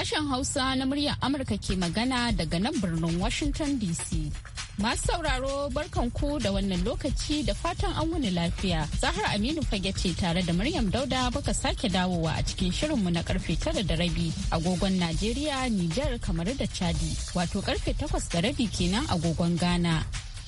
Sashen Hausa na muryar Amurka ke magana daga nan birnin Washington DC. Masu sauraro barkanku da wannan lokaci da fatan an wani lafiya. Zahar Aminu fage ce tare da Maryam Dauda baka sake dawowa a cikin shirinmu na karfe tara da rabi agogon Najeriya, Nijar, kamar da Chadi. Wato karfe takwas da rabi kenan agogon Ghana.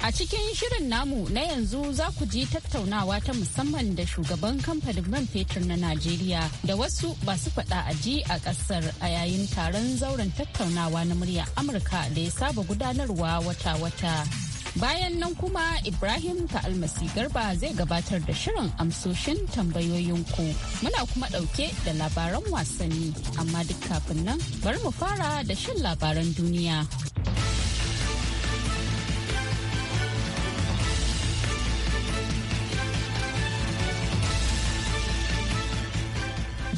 A cikin shirin namu na yanzu za ku ji tattaunawa ta musamman da shugaban kamfanin man fetur na Najeriya da wasu basu faɗa a ji a ƙasar a yayin taron zauren tattaunawa na murya Amurka da ya saba gudanarwa wata-wata. Bayan nan kuma Ibrahim ta almasi garba zai gabatar da shirin amsoshin tambayoyinku. Muna kuma ɗauke da labaran wasanni, amma duk kafin nan bari mu fara da shan labaran duniya.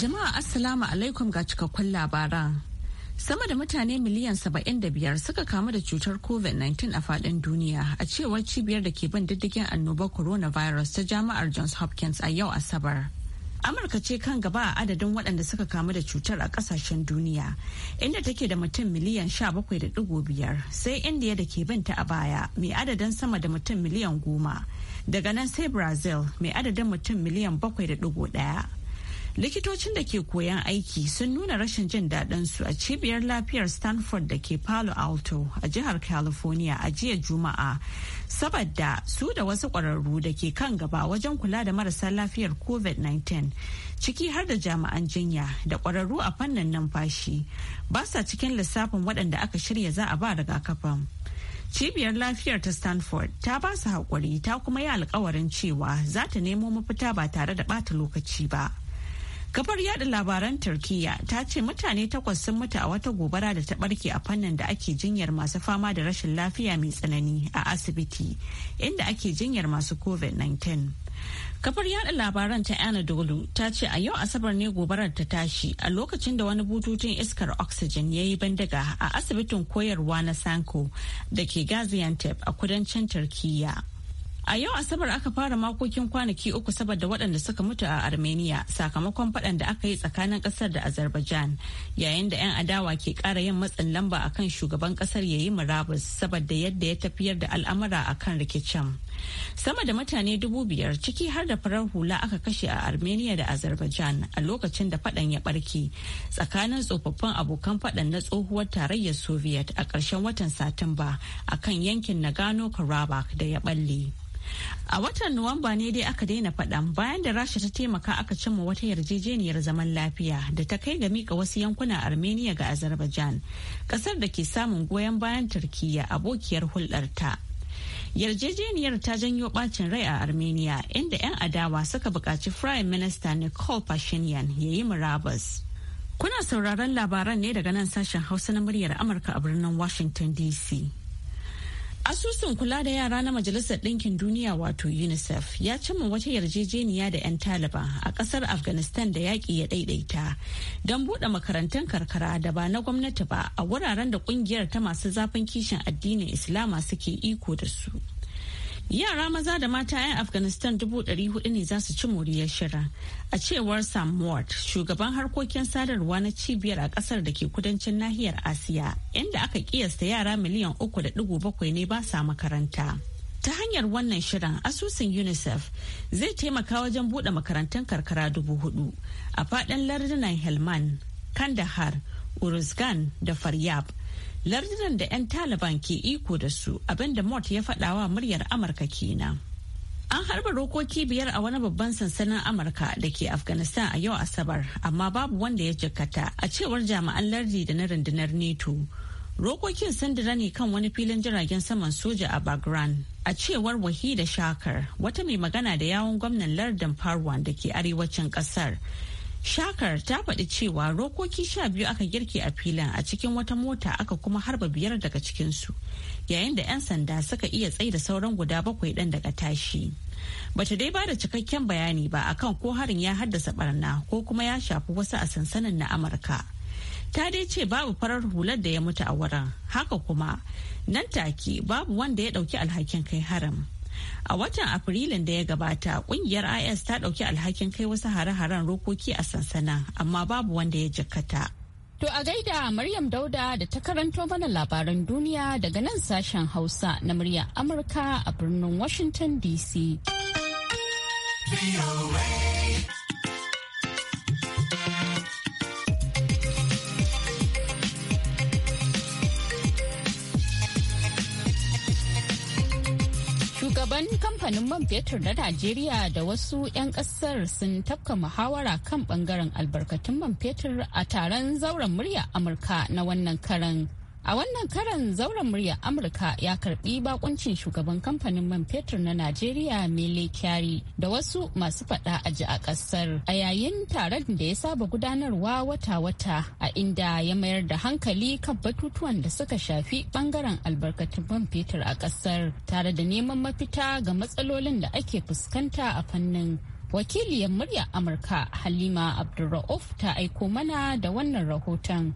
Jama'a Assalamu alaikum ga cikakkun labaran. Sama da mutane miliyan 75 suka kamu da cutar COVID-19 a faɗin duniya a cewar cibiyar da ke bin diddigin annobar coronavirus ta jami'ar Johns Hopkins a yau Asabar. Amurka ce kan gaba a adadin waɗanda suka kamu da cutar a ƙasashen duniya, inda take da mutum miliyan 17.5 sai Indiya da ke binta a baya mai adadin sama da mutum miliyan 10. Daga nan sai Brazil mai adadin mutum miliyan 7.1. likitocin da ke koyan aiki sun nuna rashin jin daɗin su a cibiyar lafiyar stanford da ke palo alto a jihar california a jiya juma'a saboda su da wasu ƙwararru da ke kan gaba wajen kula da marasa lafiyar covid-19 ciki har da jami'an jinya da ƙwararru a fannin numfashi ba sa cikin lissafin waɗanda aka shirya za a ba rigakafin cibiyar lafiyar ta stanford ta ba su haƙuri ta kuma yi alkawarin cewa za ta nemo mafita ba tare da ɓata lokaci ba. Kafar yada labaran Turkiyya ta ce mutane takwas sun mutu a wata gobara da ta barke a fannin da ake jinyar masu fama da rashin lafiya mai tsanani a asibiti inda ake jinyar masu COVID-19. Kafar yada labaran ta Anadolu ta ce a yau Asabar ne gobarar ta tashi a lokacin da wani bututun iskar oxygen ya yi bandaga a asibitin koyarwa na Sanko da ke Gaziantep a kudancin Turkiyya. A yau Asabar aka fara makokin kwanaki uku saboda waɗanda suka mutu a Armenia sakamakon faɗan da aka yi tsakanin ƙasar da Azerbaijan yayin da 'yan adawa ke ƙara yin matsin lamba akan shugaban ƙasar ya yi murabus saboda yadda ya tafiyar da al'amura akan rikicin. sama da mutane dubu biyar ciki har da farar hula aka kashe a armenia da azerbaijan a lokacin da fadan ya barke tsakanin tsofaffin abokan fadan na tsohuwar tarayyar soviet a ƙarshen watan satumba a kan yankin nagano-karabakh da ya balle a watan nuwamba ne dai aka daina fadan bayan da rasha ta taimaka aka cimma wata yarjejeniyar zaman lafiya da ta kai ga mika wasu yankunan armenia ga azerbaijan ƙasar da ke samun goyon bayan Turkiyya abokiyar hulɗarta. ta yarjejeniyar ta janyo bacin rai a armenia inda 'yan adawa suka buƙaci prime minister nicole pashinyan ya yi murabus kuna sauraron labaran ne daga nan sashen hausa na muryar amurka a birnin washington dc Asusun kula da yara na Majalisar Ɗinkin Duniya wato UNICEF ya cimma wata yarjejeniya da 'yan Taliban a ƙasar Afghanistan da yaƙi ya ɗaiɗaita don buɗe makarantun karkara da ba na gwamnati ba a wuraren da ƙungiyar ta masu zafin kishin addinin Islama suke iko da su. Yara maza da mata 'yan Afghanistan dubu ɗari hudu ne za su ci moriyar shira. A cewar Sam Ward, shugaban harkokin sadarwa na cibiyar a ƙasar da ke kudancin nahiyar Asiya, inda aka kiyasta yara miliyan uku da ɗigo bakwai ne ba sa makaranta. Ta hanyar wannan shirin asusun UNICEF zai taimaka wajen buɗe makarantun karkara dubu hudu a faɗin lardunan Helman, Kandahar, Uruzgan da Faryab. lardunan da 'yan taliban ke iko da su abinda mort ya faɗawa muryar amurka kenan an harba rokoki biyar a wani babban sansanin amurka da ke afghanistan a yau asabar amma babu wanda ya jikkata a cewar jami'an lardi da na rundunar neto rokokin sandira ne kan wani filin jiragen saman soja a bagran a cewar wahida shakar wata mai magana da yawon gwamnan lardin farwan da ke arewacin kasar Shakar ta faɗi cewa rokoki sha biyu aka girke a filin a cikin wata mota aka kuma harba biyar daga cikinsu yayin da 'yan sanda suka iya da sauran guda bakwai ɗan daga tashi. Bata dai bada cikakken bayani ba akan ko harin ya haddasa barna ko kuma ya shafi wasu a sansanin na Amurka. Ta dai ce babu farar hular da ya mutu a wurin, haka kuma nan take babu wanda ya dauki alhakin kai haram. A watan Afrilun da ya gabata, kungiyar IS ta ɗauki alhakin kai wasu hare-haren rokoki a sansanin, amma babu wanda ya jikkata. To a gaida Maryam Dauda da ta karanto mana labaran duniya daga nan sashen Hausa na murya Amurka a birnin Washington DC. kamfanin man fetur na Najeriya da wasu 'yan kasar sun tafka muhawara kan bangaren albarkatun man fetur a taron zauren murya Amurka na wannan karan. A wannan karan zauren muryar Amurka ya karbi bakuncin shugaban kamfanin man fetur na Najeriya Mele Kyari da wasu masu fada a ji a kasar a yayin taron da ya saba gudanarwa wata-wata a inda ya mayar da hankali kan batutuwan da suka shafi bangaren albarkatun man fetur a kasar tare da neman mafita ga matsalolin da ake fuskanta a fannin. Wakiliyar muryar Amurka Halima Abdulra'uf ta aiko mana da wannan rahoton.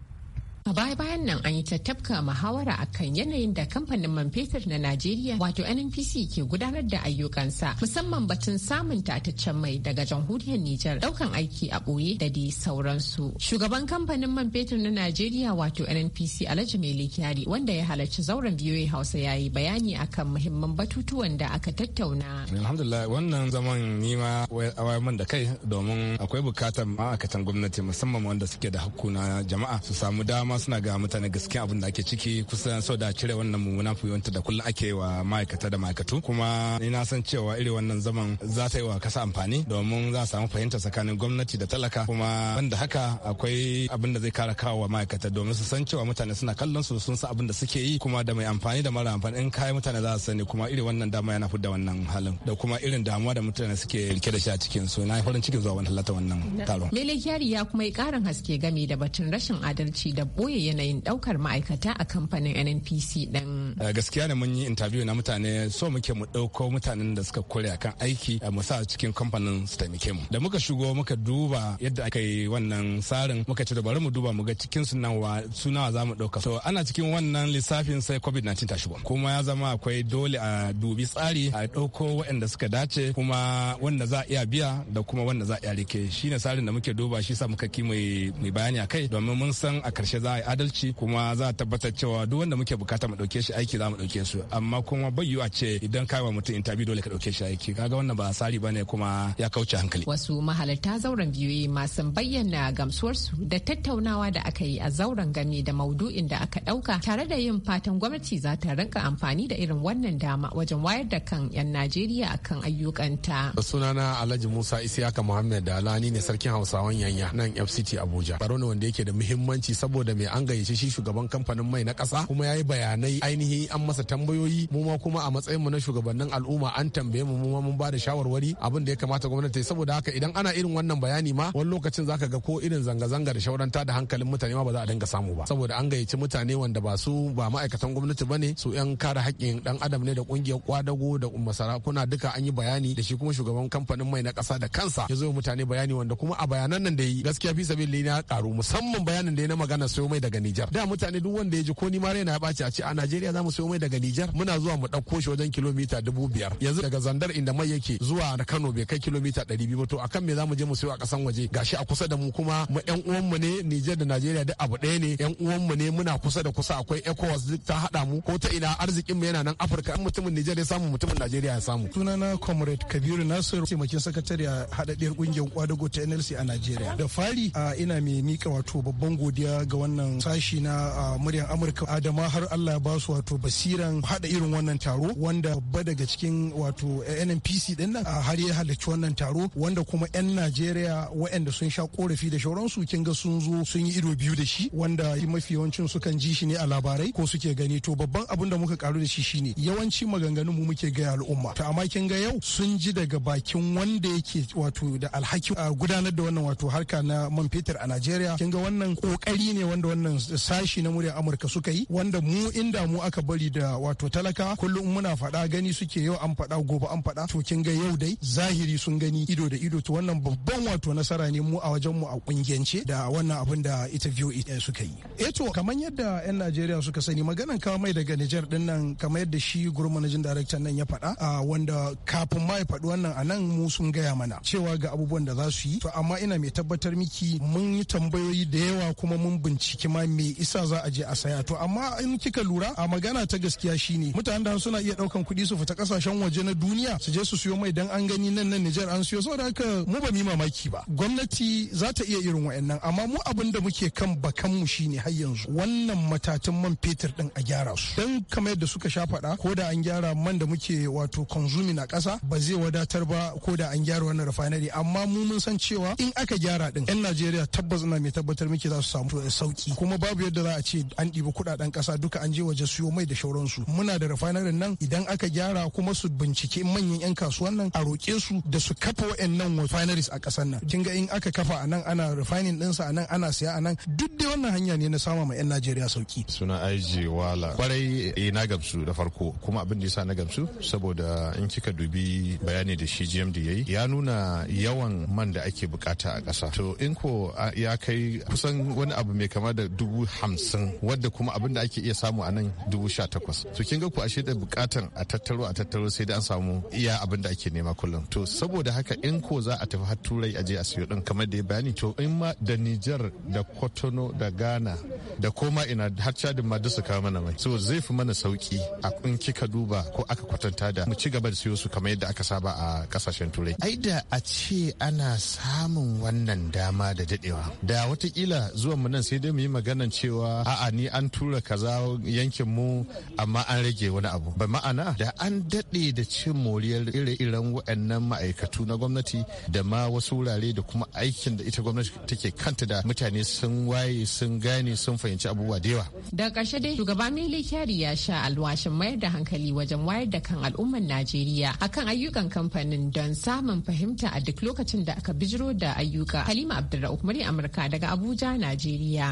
A baya-bayan nan an yi tattafka muhawara akan yanayin da kamfanin man fetur na Najeriya wato NNPC ke gudanar da ayyukansa musamman batun samun tataccen mai daga jamhuriyar Nijar daukan aiki a ɓoye da dai sauransu. Shugaban kamfanin man fetur na Najeriya wato NNPC Alhaji Mele Kyari wanda ya halarci zauren biyoyi Hausa ya yi bayani akan muhimman batutuwan da aka tattauna. Alhamdulillah wannan zaman ni a man da kai domin akwai bukatar ma'aikatan gwamnati musamman wanda suke da hakuna na jama'a su samu dama suna ga mutane gaskiya abin da ake ciki kusan sau da cire wannan mummunan fuyonta da kullum ake wa ma'aikata da ma'aikatu kuma ni na san cewa irin wannan zaman za ta yi wa kasa amfani domin za a samu fahimta tsakanin gwamnati da talaka kuma banda haka akwai abin da zai kara kawo wa ma'aikata domin su san cewa mutane suna kallon su sun san abin da suke yi kuma da mai amfani da mara amfani in kayan mutane za su sani kuma irin wannan dama yana fudda wannan halin da kuma irin damuwa da mutane suke rike da shi a cikin su na farin cikin zuwa wani halatta wannan taron. Lele ya kuma yi karin haske game da batun rashin adalci da boye yanayin ɗaukar ma'aikata a kamfanin nnpc ɗin. gaskiya da mun yi interview na mutane so muke mu ɗauko mutanen da suka kore akan aiki eh, mu sa cikin kamfanin su taimake mu da muka shigo muka duba yadda aka yi wannan tsarin muka ci da bari mu duba mu ga cikin wa sunawa za mu ɗauka so ana cikin wannan lissafin sai covid-19 ta shigo kuma ya zama akwai dole a dubi tsari a ɗauko waɗanda suka dace kuma wanda za a iya biya da kuma wanda za a iya rike shine tsarin da muke duba shi sa muka ki mai bayani a kai domin mun san a karshe za za a yi adalci kuma za a tabbatar cewa duk wanda muke bukata mu dauke shi aiki za mu dauke su amma kuma bai yiwa ce idan kai wa mutum interview dole ka dauke shi aiki kaga wannan ba tsari bane kuma ya kauce hankali wasu mahalarta zauren biyoyi masu bayyana gamsuwarsu da tattaunawa da aka yi a zauren game da maudu'in da aka dauka tare da yin fatan gwamnati za ta rinka amfani da irin wannan dama wajen wayar da kan 'yan Najeriya akan ayyukanta. Sunana Alhaji Musa Isiyaka Muhammad da ne sarkin Hausawan Yanya nan FCT Abuja. Baro ne wanda yake da muhimmanci saboda mai an gayyace shi shugaban kamfanin mai na ƙasa kuma ya yi bayanai ainihi an masa tambayoyi mu ma kuma a matsayin mu na shugabannin al'umma an tambaye mu mu ma mun bada shawarwari abin da ya kamata gwamnati saboda haka idan ana irin wannan bayani ma wani lokacin zaka ga ko irin zanga-zanga da ta da hankalin mutane ma ba za a dinga samu ba saboda an gayyaci mutane wanda ba su ba ma'aikatan gwamnati ba ne su 'yan kare haƙƙin ɗan adam ne da ƙungiyar kwadago da masarakuna duka an yi bayani da shi kuma shugaban kamfanin mai na ƙasa da kansa ya zo mutane bayani wanda kuma a bayanan nan da yi gaskiya fi sabili na karu musamman bayanin da ya na magana sai mai daga Nijar da mutane duk wanda ya ji ko ni ma raina ya ɓaci a ce a Najeriya za mu sayo mai daga Nijar muna zuwa mu ɗauko shi wajen kilomita dubu biyar yanzu daga Zandar inda mai yake zuwa Kano bai kai kilomita ɗari biyu to akan me za mu je mu sayo a ƙasan waje ga shi a kusa da mu kuma mu ƴan uwanmu ne Nijar da Najeriya duk abu ɗaya ne ƴan uwanmu ne muna kusa da kusa akwai ECOWAS duk ta haɗa mu ko ta ina arzikin mu yana nan Afirka an mutumin Nijar ya samu mutumin Najeriya ya samu sunana Comrade Kabiru Nasiru taimakin sakatare a haɗaɗɗiyar ƙungiyar kwadago ta NLC a Najeriya da fari a ina mai mika wato babban godiya ga wannan wannan sashi na muryar amurka adama har allah ya basu wato basiran hada irin wannan taro wanda babba daga cikin wato nnpc din nan har ya halarci wannan taro wanda kuma 'yan najeriya waɗanda sun sha korafi da shauransu kin ga sun zo sun yi ido biyu da shi wanda mafi yawancin sukan ji shi ne a labarai ko suke gani to babban abin da muka karu da shi shine yawanci maganganun mu muke gaya al'umma to amma kin ga yau sun ji daga bakin wanda yake wato da alhaki gudanar da wannan wato harka na man fetur a najeriya kin ga wannan kokari ne wanda wannan sashi na muryar amurka suka yi wanda mu inda mu aka bari da wato talaka kullum muna fada gani suke yau an fada gobe an fada. to kin ga yau dai zahiri sun gani ido da ido to wannan babban wato nasara ne mu a wajen mu a kungiyance da wannan abin da ita VOA suka yi eh to kamar yadda yan Najeriya suka sani maganan kawo mai daga Niger din nan kamar yadda shi gurin managing director nan ya faɗa wanda kafin ma ya faɗi wannan a nan mu sun gaya mana cewa ga abubuwan da za su yi to amma ina mai tabbatar miki mun yi tambayoyi da yawa kuma mun bincike Kima ma me isa za a je a saya to amma in kika lura a magana ta gaskiya shine mutanen da suna iya daukan kuɗi su fita kasashen waje na duniya su je su siyo mai dan an gani nan nan Nijar an siyo saboda haka mu ba mi mamaki ba gwamnati za ta iya irin wayannan amma mu abin da muke kan bakan mu shine har yanzu wannan matatan man fetur din a gyara su dan kamar yadda suka sha faɗa ko da an gyara man da muke wato consuming a ƙasa ba zai wadatar ba ko da an gyara wannan refinery amma mu mun san cewa in aka gyara din yan Najeriya tabbas ina mai tabbatar muke za su samu sauki aiki kuma babu yadda za a ce an ɗibi kuɗaɗen ƙasa duka an je waje siyo mai da shauransu muna da refinery nan idan aka gyara kuma su bincike manyan 'yan kasuwan nan a roƙe su da su kafa wa'annan refineries a ƙasar nan kin ga in aka kafa a nan ana refining ɗinsa a nan ana siya a nan duk da wannan hanya ne na sama ma 'yan Najeriya sauki. Suna Aiji Wala kwarai eh, na gamsu da farko kuma abin da yasa na gamsu saboda in kika dubi bayani da shi GMD ya yi. ya nuna yawan man da ake bukata a ƙasa to in ko ya kai kusan wani abu mai kamar kama da dubu hamsin wadda kuma abin da ake iya samu a nan dubu sha takwas to kin ga ku ashe da bukatan a tattaro a tattaro sai da an samu iya abin da ake nema kullum to saboda haka in ko za a tafi har turai a je a siyo din kamar da ya bayani to in ma da Nijar da Kotono da Ghana da koma ina har cadin ma duk su kawo mana mai so zai fi mana sauki a kun kika duba ko aka kwatanta da mu ci gaba da siyo su kamar yadda aka saba a kasashen turai ai da a ce ana samun wannan dama da dadewa da watakila zuwan mu nan sai dai mu yi maganan cewa a'a ni an tura kaza yankin mu amma an rage wani abu ba ma'ana da an daɗe da cin moriyar ire-iren waɗannan ma'aikatu na gwamnati da ma wasu wurare da kuma aikin da ita gwamnati take kanta da mutane sun waye sun gane sun fahimci abubuwa da yawa da karshe dai shugaba mili kyari ya sha alwashin mayar da hankali wajen wayar da kan al'ummar najeriya akan ayyukan kamfanin don samun fahimta a duk lokacin da aka bijiro da ayyuka halima abdulrahman amurka daga abuja najeriya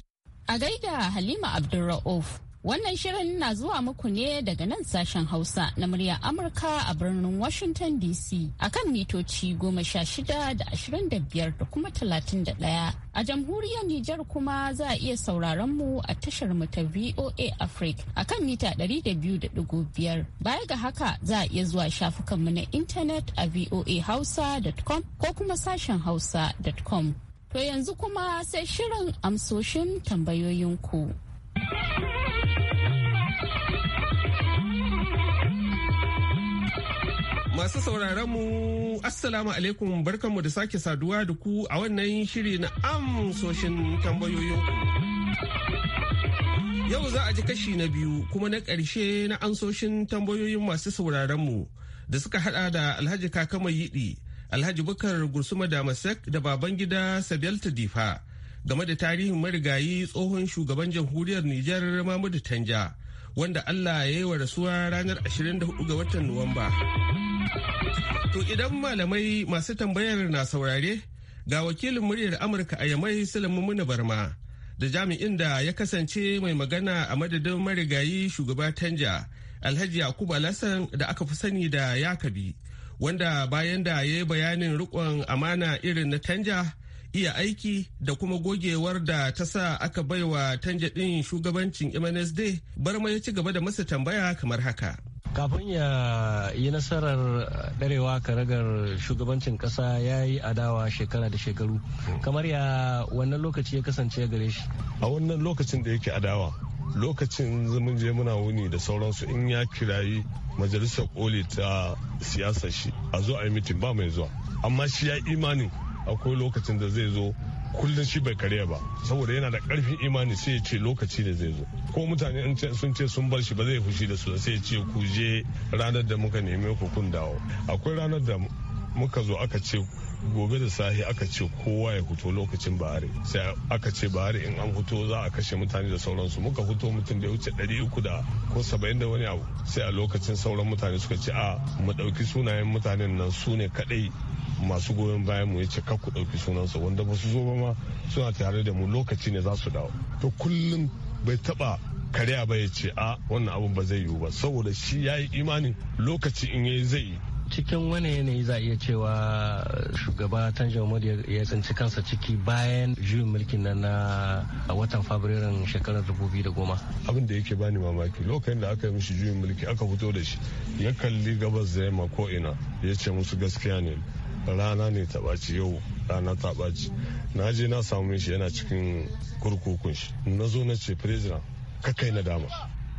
A gaida Halima Abdulra'uf. Wannan shirin na zuwa muku ne daga nan sashen Hausa na murya Amurka a birnin Washington DC akan mitoci goma sha shida da ashirin da biyar da kuma talatin da ɗaya. A jamhuriyar Nijar kuma za a iya sauraron mu a tashar mu ta VOA Africa akan mita ɗari da biyu da ɗigo biyar. Baya ga haka za a iya zuwa shafukanmu na intanet a voahausa.com ko kuma sashen hausa.com. To yanzu kuma sai shirin amsoshin tambayoyinku. Masu sauraron mu Assalamu alaikum barkanmu da sake saduwa da ku a wannan shiri na amsoshin tambayoyinku. Yau za a ji kashi na biyu kuma na ƙarshe na amsoshin tambayoyin masu sauraron mu da suka hada da Alhaji kakamai Yiɗi. Alhaji Bukar Gursuma Damasek da Babangida Sabelta Difa game da tarihin marigayi tsohon shugaban jamhuriyar Nijar Mamudu Tanja wanda Allah ya yi wa rasuwa ranar 24 ga watan Nuwamba. To idan malamai masu tambayar na saurare ga wakilin muryar Amurka a Yamai Sulaimu Barma da jami'in da ya kasance mai magana a madadin marigayi shugaba Tanja Alhaji Yakubu alasan da aka fi sani da Yakabi. wanda bayan da ya yi bayanin rikon amana irin na tanja iya aiki da kuma gogewar da ta sa aka baiwa tanja ɗin shugabancin MNSD barma ya ci gaba da masa tambaya kamar haka. kafin ya yi nasarar ɗarewa karagar shugabancin ƙasa ya yi adawa shekara da shekaru kamar ya wannan lokaci ya kasance gare shi a wannan lokacin da yake adawa lokacin zaman muna wuni da sauransu in ya kirayi majalisar koli ta siyasar shi a zo a yi mitin ba mai zuwa amma shi ya imani akwai lokacin da zai zo kullum shi bai karya ba saboda yana da karfin imani sai ya ce lokaci da zai zo ko mutane sun ce sun bar shi ba zai fushi da su sai ya ce ku je ranar da muka neme ku kun dawo akwai ranar da muka zo aka ce gobe da sahi aka ce kowa ya fito lokacin bahari sai aka ce bahari in an fito za a kashe mutane da sauransu muka fito mutum da ya wuce ɗari uku da ko saba'in da wani abu sai a lokacin sauran mutane suka ce a mu ɗauki sunayen mutanen nan su ne kaɗai masu goyon bayan mu ya ce ku ɗauki sunansa wanda ba su zo ba ma suna tare da mu lokaci ne za su dawo to kullum bai taɓa karya ba ya ce a wannan abun ba zai yiwu ba saboda shi ya yi imanin lokaci in yayi zai yi cikin wani yanayi za iya cewa shugaba tanjo modi ya tsinci kansa ciki bayan juyin mulkin nan na watan fabrairun shekarar 2010 abin da yake bani mamaki lokacin da aka yi mishi juyin mulki aka fito da shi ya kalli gabas da yamma ko ina ya ce musu gaskiya ne rana ne ta ɓaci yau rana ta ɓaci na je na samu shi yana cikin kurkukun shi na zo na ce president ka kai na dama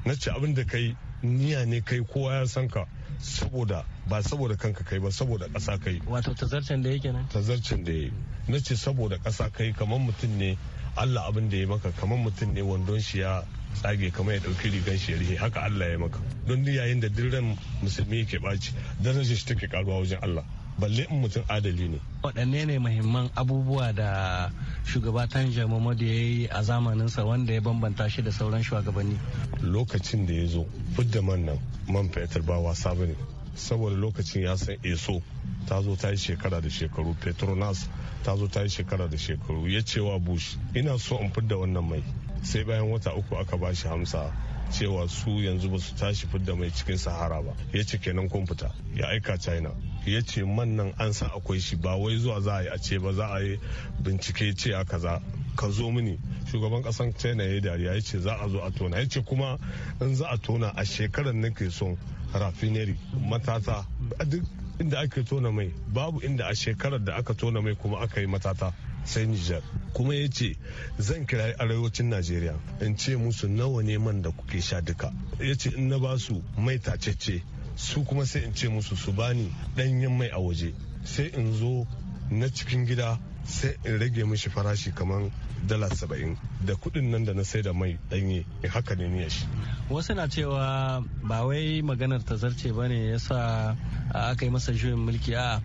na ce abin da kai niya ne kai kowa ya san ka saboda ba saboda kanka kai ba saboda ƙasa kai wato tazarcin da yake nan tazarcin da yake na ce saboda kasa kai kamar mutum ne Allah abin da ya maka kamar mutum ne wandon shi ya tsage kamar ya ɗauki rigan shi ya rihe haka Allah ya maka don yayin da diran musulmi yake ɓaci darajar shi take karuwa wajen Allah balle in mutum adali ne. waɗanne ne mahimman abubuwa da shugaba tanja mamadu ya yi a zamaninsa wanda ya bambanta shi da sauran shugabanni lokacin da ya zo fudda man nan man fetur ba wasa ba ne. saboda lokacin ya san eso ta zo ta yi shekara da shekaru petronas ta zo ta yi shekara da shekaru ya cewa bush ina so in fidda wannan mai sai bayan wata uku aka ba shi hamsa cewa su yanzu ba su tashi fidda mai cikin sahara ba ya ce kenan kun ya aika china ya ce man nan an sa akwai shi ba wai zuwa za a yi a ce ba za a yi bincike ce a kaza ka zo mini shugaban kasan china ya dariya ya ce za a zo a tona ya ce kuma in za a tona a shekarar nake son rafineri matata duk inda ake tona mai babu inda a shekarar da aka tona mai kuma aka yi matata sai Nijar. Kuma ya ce zan kira arewacin Najeriya in ce musu nawa ne man da kuke sha duka. Ya ce in na ba su mai tacece su kuma sai in ce musu su bani ɗanyen mai a waje. Sai in zo na cikin gida sai in rage mishi farashi kamar dala saba'in da kuɗin nan da na sai da mai danye haka ne ne shi wasu na cewa ba wai maganar ta zarce ba ne ya sa aka yi masa juyin mulki a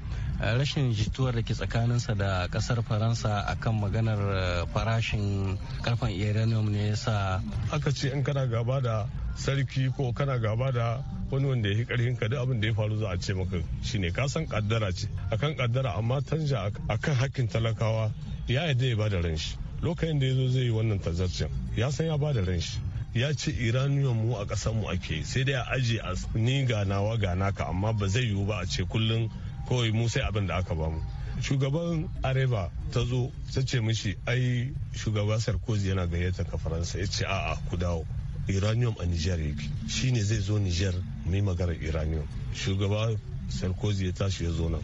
rashin jituwar da ke tsakaninsa da kasar faransa akan maganar eh, farashin karfan uranium ne yasa aka ce in kana gaba da sarki ko kana gaba da wani wanda ya yi karhin ka duk abin da ya faru za a ce maka shine ka san kaddara ce akan kaddara amma tanja akan hakkin talakawa ya yadda ya bada ran shi lokacin da ya zo zai yi wannan tazarcin ya san ya bada ran shi ya ce iraniyan mu a kasar mu ake sai dai a aje a ni ganawa gana ka amma ba zai yiwu ba a ce kullum kawai mu sai abin da aka bamu shugaban areva ta zo ta ce mishi ai shugaba sarkozy yana gayyatar ka faransa ya ce a'a ku dawo uranium a niger yake ne zai zo niger mu yi maganar uranium shugaba sarkozy ya tashi ya zo nan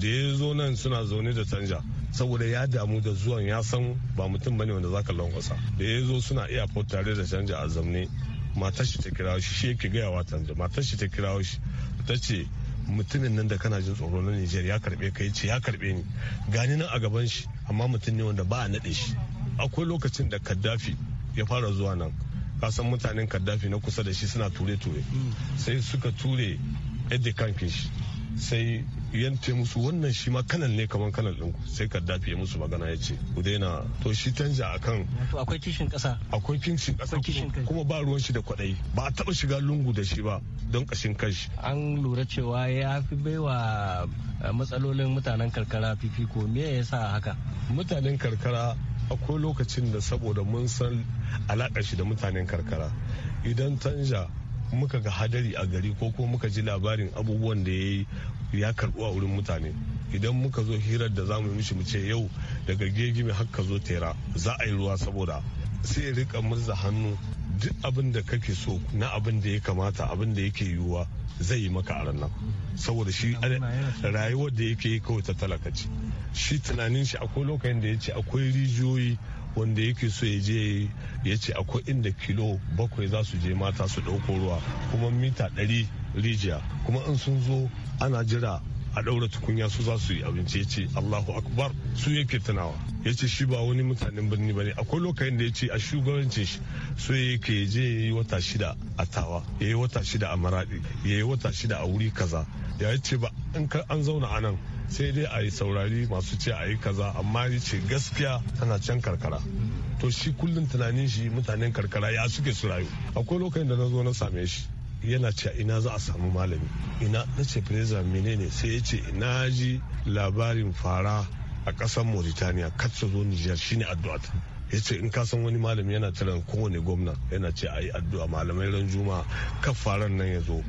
da ya zo nan suna zaune da canja saboda ya damu da zuwan ya san ba mutum bane wanda ka lankwasa da ya zo suna iya tare da canja a zamne matar shi ta kirawo shi shi yake gaya wa canja matar shi ta kirawo shi ta ce mutumin nan da kana jin tsoro na Nijar ya karbe ka ce ya karbe ni gani nan a gaban shi amma mutum ne wanda ba a nade shi akwai lokacin da Kaddafi ya fara zuwa nan kasan mutanen Kaddafi na kusa da shi suna ture ture mm. sai suka ture Eddie shi sai yan musu wannan shi ma kanan ne kamar kanan din sai ka dafiye musu magana ya ce ku daina to shi canja kan. akwai kishin kasa akwai kishin kasa kuma ba ruwan shi da kwadai ba a taba shiga lungu da shi ba don kashin kanshi an lura cewa ya fi baiwa eh, matsalolin mutanen karkara fifiko me yasa haka mutanen karkara akwai lokacin da saboda mun san alaƙar shi da mutanen karkara idan tanja muka ga hadari a gari ko kuma muka ji labarin abubuwan da ya yi ya karbu a wurin mutane idan muka zo hirar da zamu mishi mu ce yau daga gegime mai ka zo tera za a yi ruwa saboda sai ya rika murza hannu duk abin da kake so na abin da ya kamata abin da yake yiwuwa zai yi maka a ranar saboda shi rayuwar da yake yi kawai ta talaka shi tunanin shi akwai lokacin da ya ce akwai rijiyoyi wanda yake so ya je ya ce akwai inda kilo bakwai za su je mata su ɗauko ruwa kuma mita ɗari rijiya kuma in sun zo ana jira a ɗaura tukunya su za su yi abinci ya ce allahu akbar su yake tunawa ya ce shi ba wani mutanen birni ba ne akwai lokacin da ya ce a shugabancin shi so ya yake je ya yi wata shida a tawa ya yi wata shida a maraɗi ya yi wata shida a wuri kaza ya ce ba an zauna anan. sai dai a yi saurari masu ce a yi kaza amma ya ce gaskiya tana can karkara to shi kullum tunanin shi mutanen karkara ya suke su rayu akwai lokacin da na zo na same shi yana ce ina za a samu malami ina na ce fireza menene sai ya ce ina ji labarin fara a ƙasar mauritania kat zo nijar shine addu'a ya ce in ka san wani malami yana kiran kowane gwamna yana ce a yi addu'a malamai ran juma kan faran nan ya zo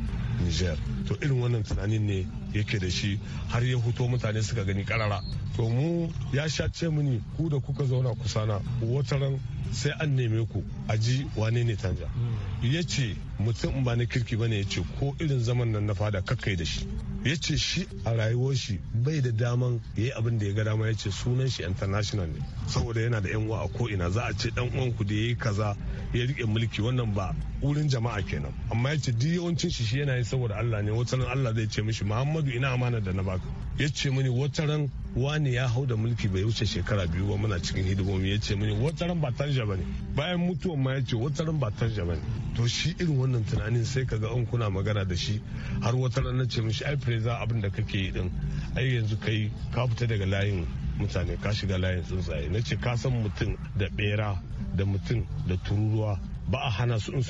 niger to irin wannan tunanin ne yake da shi har ya huto mutane suka gani karara to mu ya sha ce mini ku da kuka zauna kusana wata ran sai an neme ku a ji wane ne tanja hmm. ya ce mutum ba na kirki bane ya ce ko irin zaman nan na fada kakkai da shi ya ce shi a rayuwar shi bai da daman ya yi abin da ya ga dama ya ce sunan shi international ne saboda yana da yan uwa a ko ina za a ce dan uwan ku da ya yi kaza ya rike mulki wannan ba wurin jama'a kenan amma ya ce yawancin shi shi yana yi saboda Allah ne wata ran Allah zai ce mishi Muhammadu ina amana da na baka ya ce mini wataran ran wani ya hau da mulki bai wuce shekara biyu ba muna cikin hidimomi ya ce mini wata ba tarja bane bayan mutuwan ma ya ce wata ran ba tarja bane to shi irin wannan tunanin sai kaga an kuna magana da shi har wata ran na ce mishi ai preza abin da kake yi din ai yanzu kai ka fita daga layin mutane ka shiga layin tsuntsaye na ce ka san mutum da bera da mutum da tururuwa ba a hana su in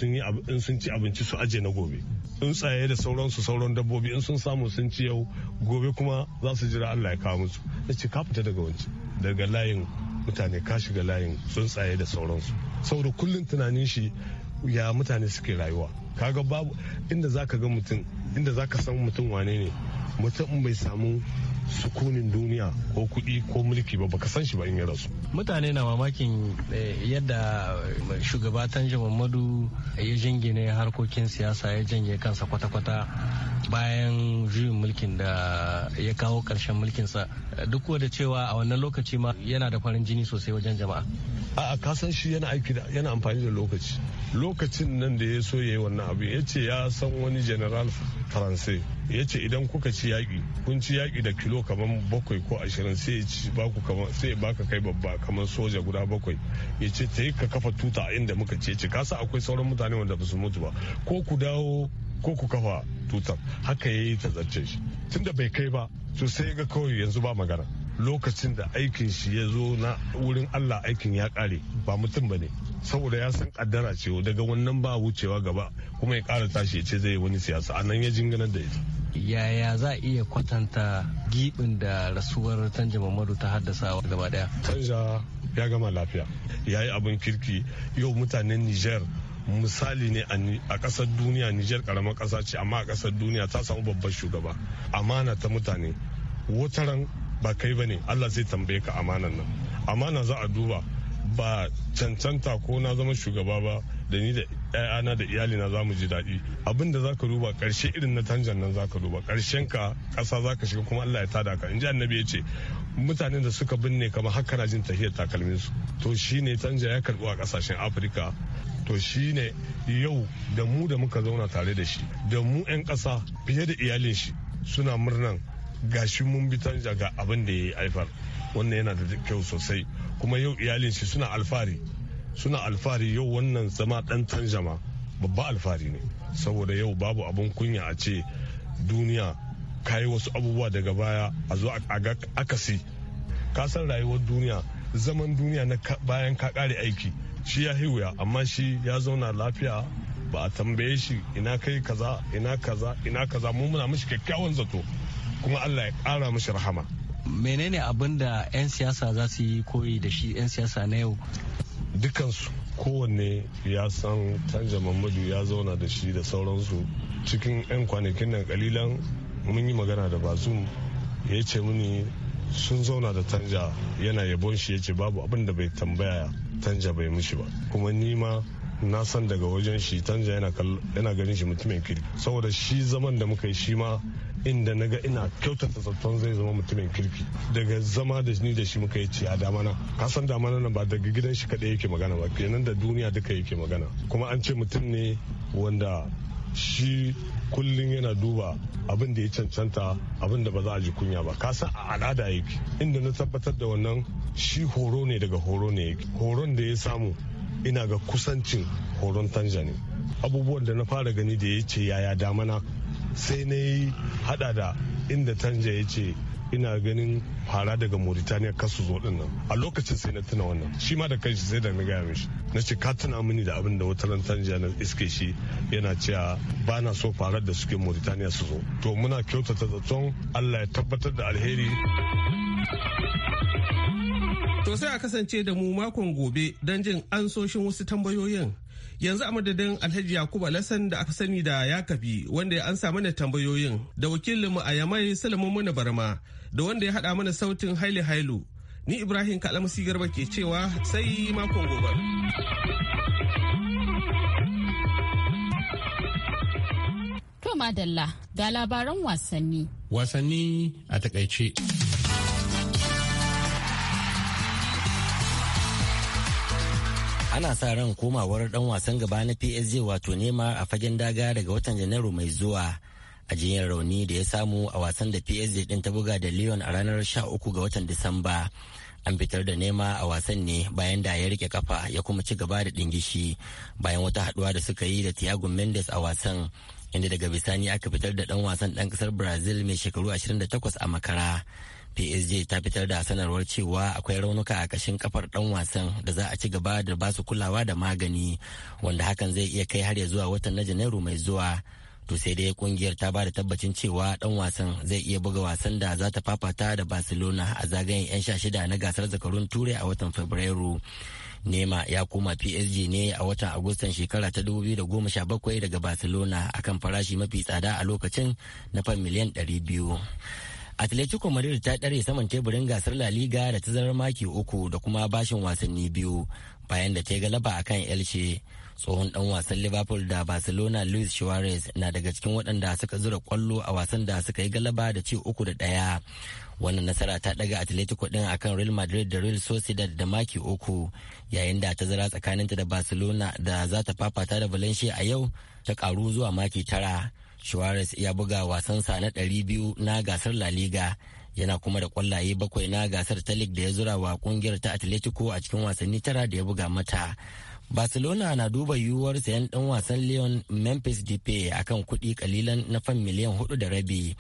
sun ci abinci su aje na gobe tsuntsaye da sauransu sauran dabbobi in sun samu sun ci yau gobe kuma za su jira allah ya kawo musu na ce ka fita daga wancan daga layin mutane ka shiga layin tsuntsaye da sauransu saboda kullum tunanin shi ya mutane suke rayuwa kaga babu inda za ga mutum inda za san mutum wane ne mutum bai samu sukunin duniya ko kuɗi ko mulki ba baka san shi ba in ya rasu. Mutane na mamakin eh, yadda eh, shugaba Tanji Muhammadu ya jingine harkokin siyasa ya janye kansa kwata-kwata bayan juyin mulkin da ya kawo ƙarshen mulkinsa duk da cewa a wannan lokaci ma yana da farin jini sosai wajen jama'a. A kasan shi yana aiki yana amfani da lokaci. Lokacin nan da ya so ya yi wannan abu ya ce ya san wani general faransai ya ce idan kuka ci yaƙi kun ci yaƙi da kilo kamar bakwai ko ashirin sai ya ci baku kamar sai baka kai babba kamar soja guda bakwai ya ce ta yi ka kafa tuta a inda muka ce ce kasa akwai sauran mutane wanda ba su mutu ba ko ku dawo ko ku kafa tutar haka ya yi tazarce shi tunda bai kai ba to sai ga kawai yanzu ba magana lokacin da aikin shi ya zo na wurin allah aikin ya kare ba mutum ba ne saboda ya san kaddara ce daga wannan ba wucewa gaba kuma ya kara tashi ya ce zai wani siyasa anan ya jinganar da ita yaya za a iya kwatanta gibin da rasuwar tanja mamadu ta haddasa gaba daya tanja ya gama lafiya ya yi abin kirki yau mutanen niger misali ne a kasar duniya niger karamar kasa ce amma a kasar duniya ta samu babban shugaba amana ta mutane wataran ba kai ba ne allah zai tambaye ka amanan nan amana za a duba ba cancanta ko na zama shugaba ba da ni da ‘ya'yana da iyali na zamu ji daɗi abin da za duba ƙarshe irin na tanjan nan za ka duba ƙarshen ka ƙasa za shiga kuma Allah ya tada ka in ji annabi ya ce mutanen da suka binne kama har kana jin tahiyar takalmin su to shine tanja ya karɓu a ƙasashen Afirka to shine yau da mu da muka zauna tare da shi da mu 'yan ƙasa fiye da iyalin shi suna murnan gashi mun bi tanja ga abin da ya yi haifar wannan yana da kyau sosai kuma yau iyalin shi suna alfari suna alfari yau wannan zama dan tanjama babba alfari ne saboda yau babu abun kunya a ce duniya kayi wasu abubuwa daga baya a zo a akasi ka san rayuwar duniya zaman duniya na bayan ka kare aiki shi ya wuya amma shi ya zauna lafiya ba a tambaye shi ina kai kaza ina kaza ina kaza mun muna mishi kyakkyawan zato kuma allah ya kara mishi rahama menene abin da 'yan siyasa za su yi koyi da shi 'yan siyasa na yau dukansu kowanne ya san canja mamadu ya zauna da shi da sauransu cikin 'yan kwanakin nan kalilan mun yi magana da bazum ya ce mini sun zauna da tanja yana yabon shi ya ce babu abin da bai tambaya tanja bai mushi ba kuma ni ma na san daga wajen shi tanja yana ganin shi mutumin kiri saboda shi zaman da muka yi shi ma inda na ga ina kyautata zaton zai zama mutumin kirki daga zama da ni da shi muka yi ci a damana kasan damana nan ba daga gidan shi kaɗai yake magana ba kenan da duniya duka yake magana kuma an ce mutum ne wanda shi kullum yana duba abin da ya cancanta abin da ba za a ji kunya ba kasa a al'ada yake inda na tabbatar da wannan shi horo ne daga horo ne yake horon da ya samu ina ga kusancin horon tanja abubuwan da na fara gani da ya ce yaya damana sai na yi hada da inda tanja ya ce ina ganin fara daga mauritaniya kasu zo din a lokacin sai na tuna wannan shi ma da kanshi sai da na gaya mishi na ce ka tuna mini da abin da wata tanja na iske shi yana cewa ba na so farar da suke mauritaniya su zo to muna kyautata zaton allah ya tabbatar da alheri To sai a kasance da mu makon gobe don jin ansoshin wasu tambayoyin. yanzu a madadin alhaji yakubu alasan da aka sani da ya kafi wanda ya ansa mana tambayoyin da wakilinmu a yamai salamun muna barma da wanda ya haɗa mana sautin haile hailu ni ibrahim kalamusi garba ke cewa sai makon gobe. to madalla ga labaran wasanni wasanni a takaice ana sa ran komawar dan wasan gaba na psg wato nema a fagen daga daga watan janairu mai zuwa a jiyar rauni da ya samu a wasan da psg din ta buga da leon a ranar 13 ga watan disamba an fitar da nema a wasan ne bayan da ya rike kafa ya kuma ci gaba da dingishi bayan wata haduwa da suka yi da Thiago Mendes a wasan inda daga bisani aka fitar da dan wasan dan kasar Brazil mai shekaru 28 a makara PSG ta fitar da sanarwar cewa akwai raunuka a kashin kafar ɗan wasan da za a ci gaba da ba su kulawa da magani wanda hakan zai iya kai har ya zuwa watan na Janairu mai zuwa. To sai dai kungiyar ta ba da tabbacin cewa ɗan wasan zai iya buga wasan da za ta fafata da Barcelona a zagayen 'yan sha shida na gasar zakarun Turai a watan Fabrairu. Nema ya koma PSG ne a watan Agustan shekara ta 2017 daga Barcelona akan farashi mafi tsada a lokacin na fan miliyan 200. atletico madrid ta ɗare saman teburin gasar la liga da tazarar maki uku da kuma bashin wasanni biyu bayan da ta galaba akan elche tsohon ɗan wasan liverpool da barcelona luis suarez na daga cikin waɗanda suka zura kwallo a wasan da suka yi galaba da ci uku da ɗaya wannan nasara ta ɗaga atletico din akan real madrid da real sociedad da maki uku yayin da ta zara tsakaninta da barcelona da za ta fafata da valencia a yau ta karu zuwa maki tara Suarez ya buga wasansa na ɗari biyu na gasar La Liga yana kuma da ƙwallaye bakwai na gasar ta league da ya zura wa ƙungiyar ta Atletico a cikin wasanni tara da ya buga mata. Barcelona na duba yiwuwar sayan ɗan wasan Leon Memphis Depay akan kuɗi kalilan na fan miliyan hudu da rabi.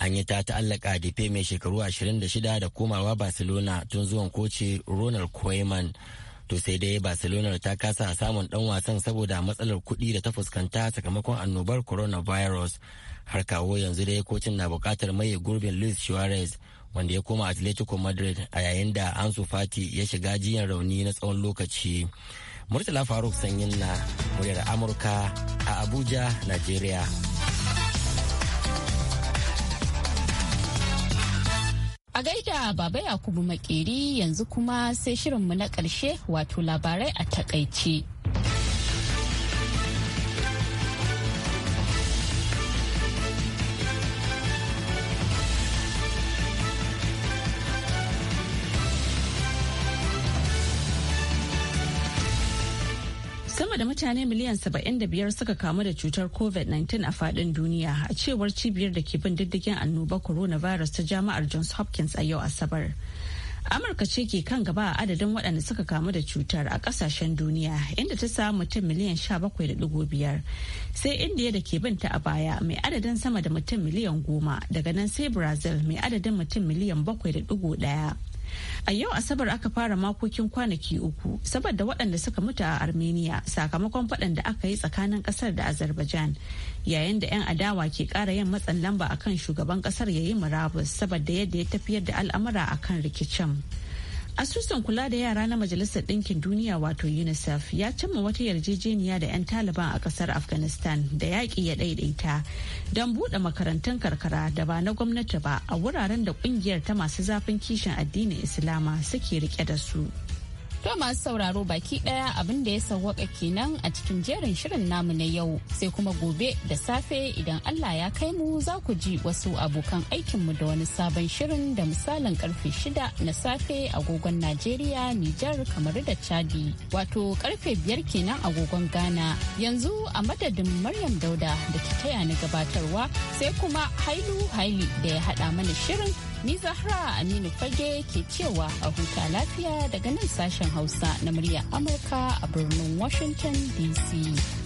An yi ta ta'allaka Depay mai shekaru 26 da komawa Barcelona tun zuwan koci Ronald Koeman. To sai dai Barcelona ta kasa samun dan wasan saboda matsalar kuɗi da ta fuskanta sakamakon annobar coronavirus. Har kawo yanzu dai kocin na bukatar maye gurbin Luis Suarez wanda ya koma Atletico Madrid a yayin da Ansu Fati ya shiga jiyan rauni na tsawon lokaci. Murtala Faruk Sanyin na muryar Amurka a Abuja, Najeriya. A gaida Baba Yakubu Makeri yanzu kuma sai shirinmu na ƙarshe wato labarai a takaice. da mutane miliyan 75 suka kamu da cutar covid-19 a fadin duniya a cewar cibiyar da ke bin diddigin annoba coronavirus ta jami'ar johns hopkins a yau asabar amurka ce ke kan gaba a adadin waɗanda suka kamu da cutar a ƙasashen duniya inda ta samu mutum miliyan 17.5 sai indiya da ke binta a baya mai adadin sama da mutum miliyan goma daga nan sai brazil mai adadin mutum miliyan 7.1 A yau Asabar aka fara makokin kwanaki uku saboda waɗanda suka mutu a Armenia sakamakon faɗan da aka yi tsakanin ƙasar da Azerbaijan yayin da 'yan adawa ke ƙara yin matsin lamba akan shugaban ƙasar ya yi murabus saboda yadda ya tafiyar da al'amura akan rikicin. Asusun kula da yara na Majalisar Ɗinkin Duniya wato UNICEF ya cimma wata yarjejeniya da 'yan Taliban a ƙasar Afghanistan da yaƙi ya ɗaiɗaita don buɗe makarantun karkara da ba na gwamnati ba a wuraren da ƙungiyar ta masu zafin kishin addinin Islama suke rike da su. To masu sauraro baki daya abin da ya sauwaka kenan a cikin jerin shirin namu na yau sai kuma gobe da safe idan Allah ya kai mu za ku ji wasu abokan aikinmu da wani sabon shirin da misalin karfe shida na safe agogon Najeriya, Nijar, kamar da Chadi. Wato karfe biyar kenan agogon Ghana. Yanzu a madadin Maryam Dauda da ta taya ni gabatarwa sai kuma Hailu Haili da ya haɗa mana shirin Ni Zahra Aminu Fage ke cewa a huta lafiya daga nan sashen Hausa na murya Amurka a birnin Washington DC.